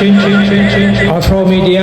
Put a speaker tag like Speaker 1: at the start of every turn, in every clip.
Speaker 1: chin, chin, chin, throw me the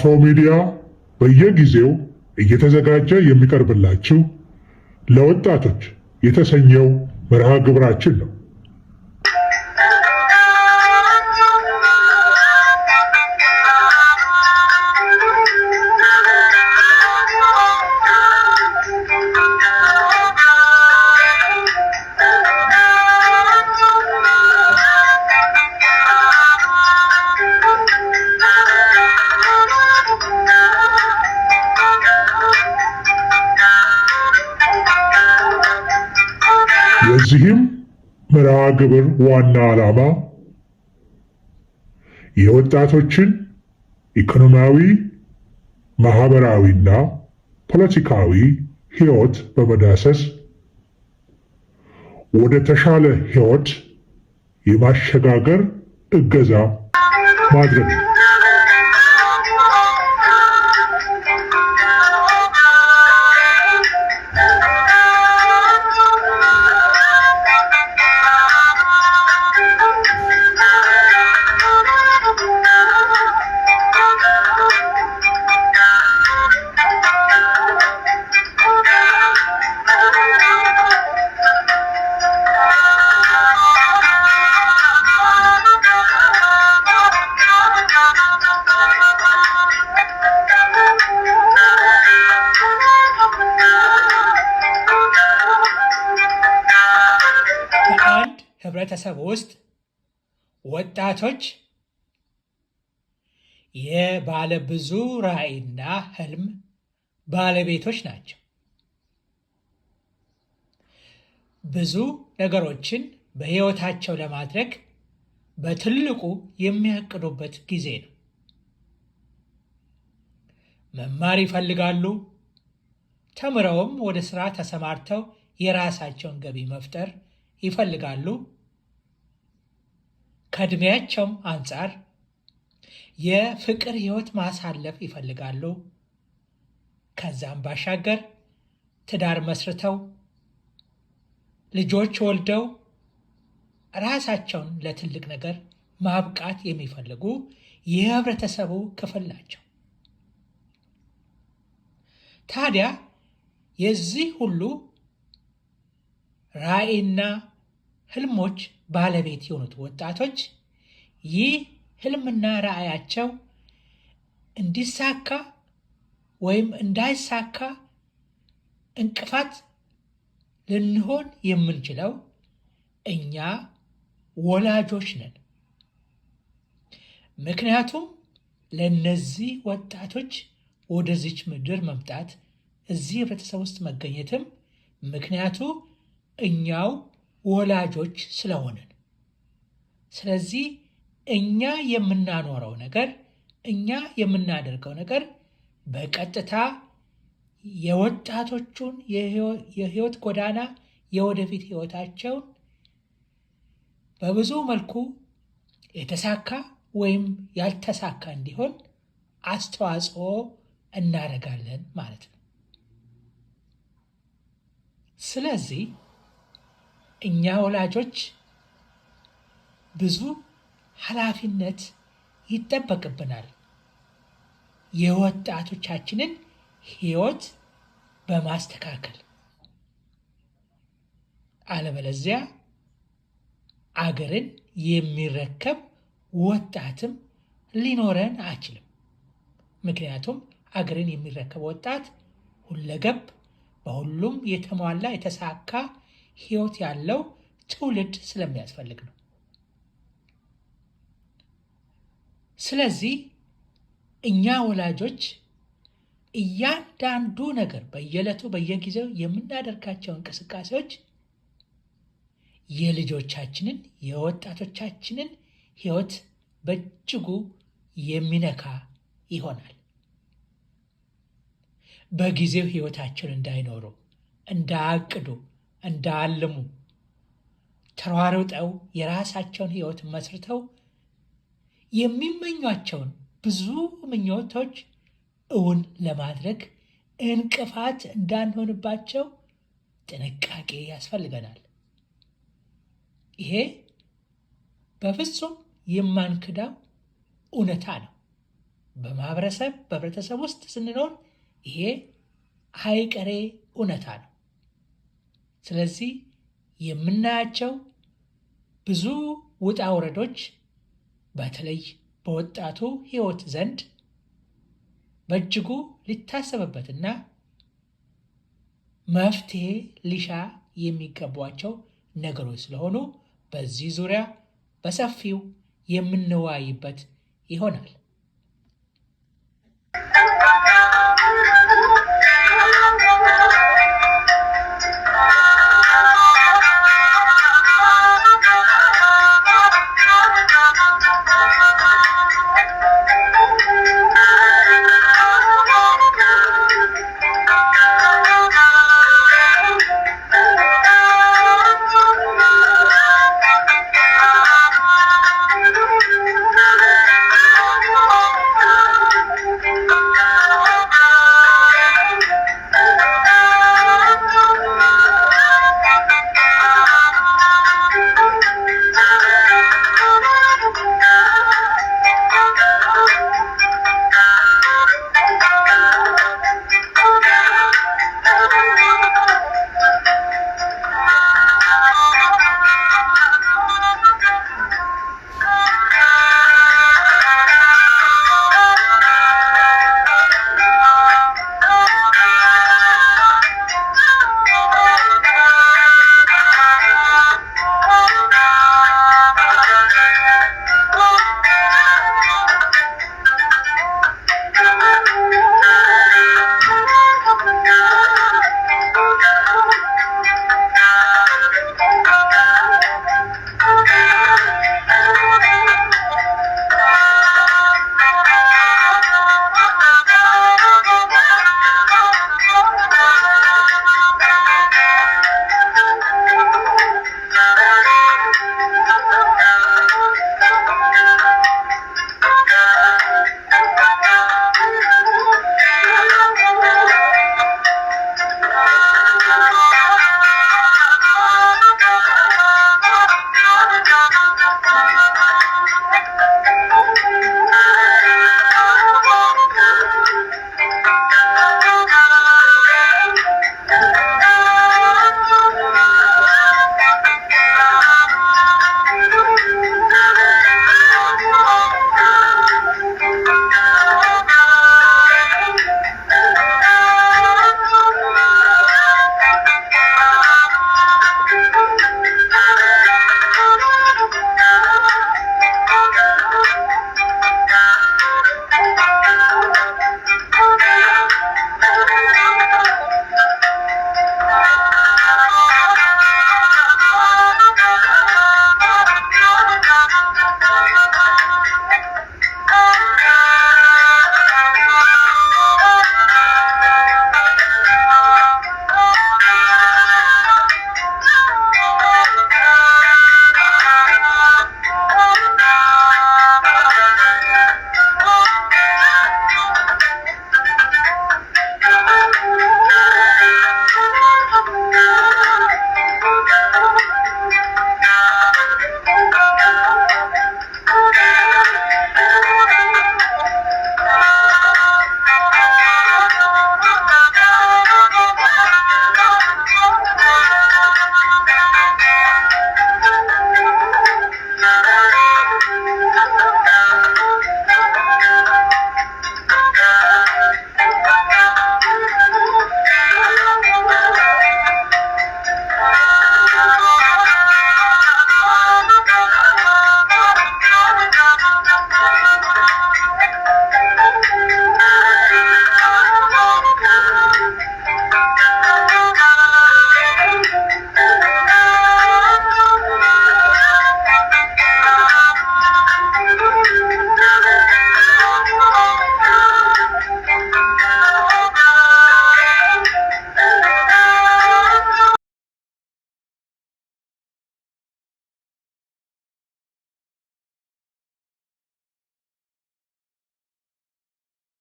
Speaker 1: አንጋፋው ሚዲያ በየጊዜው እየተዘጋጀ የሚቀርብላችሁ ለወጣቶች የተሰኘው መርሃ ግብራችን ነው። ግብር ዋና ዓላማ የወጣቶችን ኢኮኖሚያዊ፣ ማህበራዊና ፖለቲካዊ ህይወት በመዳሰስ ወደ ተሻለ ህይወት የማሸጋገር እገዛ ማድረግ ነው።
Speaker 2: ህብረተሰብ ውስጥ ወጣቶች የባለ ብዙ ራዕይና ህልም ባለቤቶች ናቸው። ብዙ ነገሮችን በህይወታቸው ለማድረግ በትልቁ የሚያቅዱበት ጊዜ ነው። መማር ይፈልጋሉ። ተምረውም ወደ ስራ ተሰማርተው የራሳቸውን ገቢ መፍጠር ይፈልጋሉ። ከእድሜያቸውም አንጻር የፍቅር ህይወት ማሳለፍ ይፈልጋሉ። ከዛም ባሻገር ትዳር መስርተው ልጆች ወልደው ራሳቸውን ለትልቅ ነገር ማብቃት የሚፈልጉ የህብረተሰቡ ክፍል ናቸው። ታዲያ የዚህ ሁሉ ራዕይና ህልሞች ባለቤት የሆኑት ወጣቶች ይህ ህልምና ራዕያቸው እንዲሳካ ወይም እንዳይሳካ እንቅፋት ልንሆን የምንችለው እኛ ወላጆች ነን። ምክንያቱም ለእነዚህ ወጣቶች ወደዚች ምድር መምጣት እዚህ ህብረተሰብ ውስጥ መገኘትም ምክንያቱ እኛው ወላጆች ስለሆንን ስለዚህ እኛ የምናኖረው ነገር እኛ የምናደርገው ነገር በቀጥታ የወጣቶቹን የህይወት ጎዳና የወደፊት ህይወታቸውን በብዙ መልኩ የተሳካ ወይም ያልተሳካ እንዲሆን አስተዋጽኦ እናደርጋለን ማለት ነው። ስለዚህ እኛ ወላጆች ብዙ ኃላፊነት ይጠበቅብናል። የወጣቶቻችንን ሕይወት በማስተካከል አለበለዚያ አገርን የሚረከብ ወጣትም ሊኖረን አይችልም። ምክንያቱም አገርን የሚረከብ ወጣት ሁለገብ፣ በሁሉም የተሟላ የተሳካ ሕይወት ያለው ትውልድ ስለሚያስፈልግ ነው። ስለዚህ እኛ ወላጆች እያንዳንዱ ነገር በየዕለቱ በየጊዜው የምናደርጋቸው እንቅስቃሴዎች የልጆቻችንን የወጣቶቻችንን ሕይወት በእጅጉ የሚነካ ይሆናል። በጊዜው ሕይወታቸውን እንዳይኖሩ፣ እንዳያቅዱ፣ እንዳያልሙ ተሯሩጠው የራሳቸውን ሕይወት መስርተው የሚመኟቸውን ብዙ ምኞቶች እውን ለማድረግ እንቅፋት እንዳንሆንባቸው ጥንቃቄ ያስፈልገናል። ይሄ በፍጹም የማንክዳው እውነታ ነው። በማህበረሰብ በህብረተሰብ ውስጥ ስንኖር ይሄ አይቀሬ እውነታ ነው። ስለዚህ የምናያቸው ብዙ ውጣ ውረዶች በተለይ በወጣቱ ሕይወት ዘንድ በእጅጉ ሊታሰብበትና መፍትሄ ሊሻ የሚገቧቸው ነገሮች ስለሆኑ በዚህ ዙሪያ በሰፊው የምንወያይበት ይሆናል።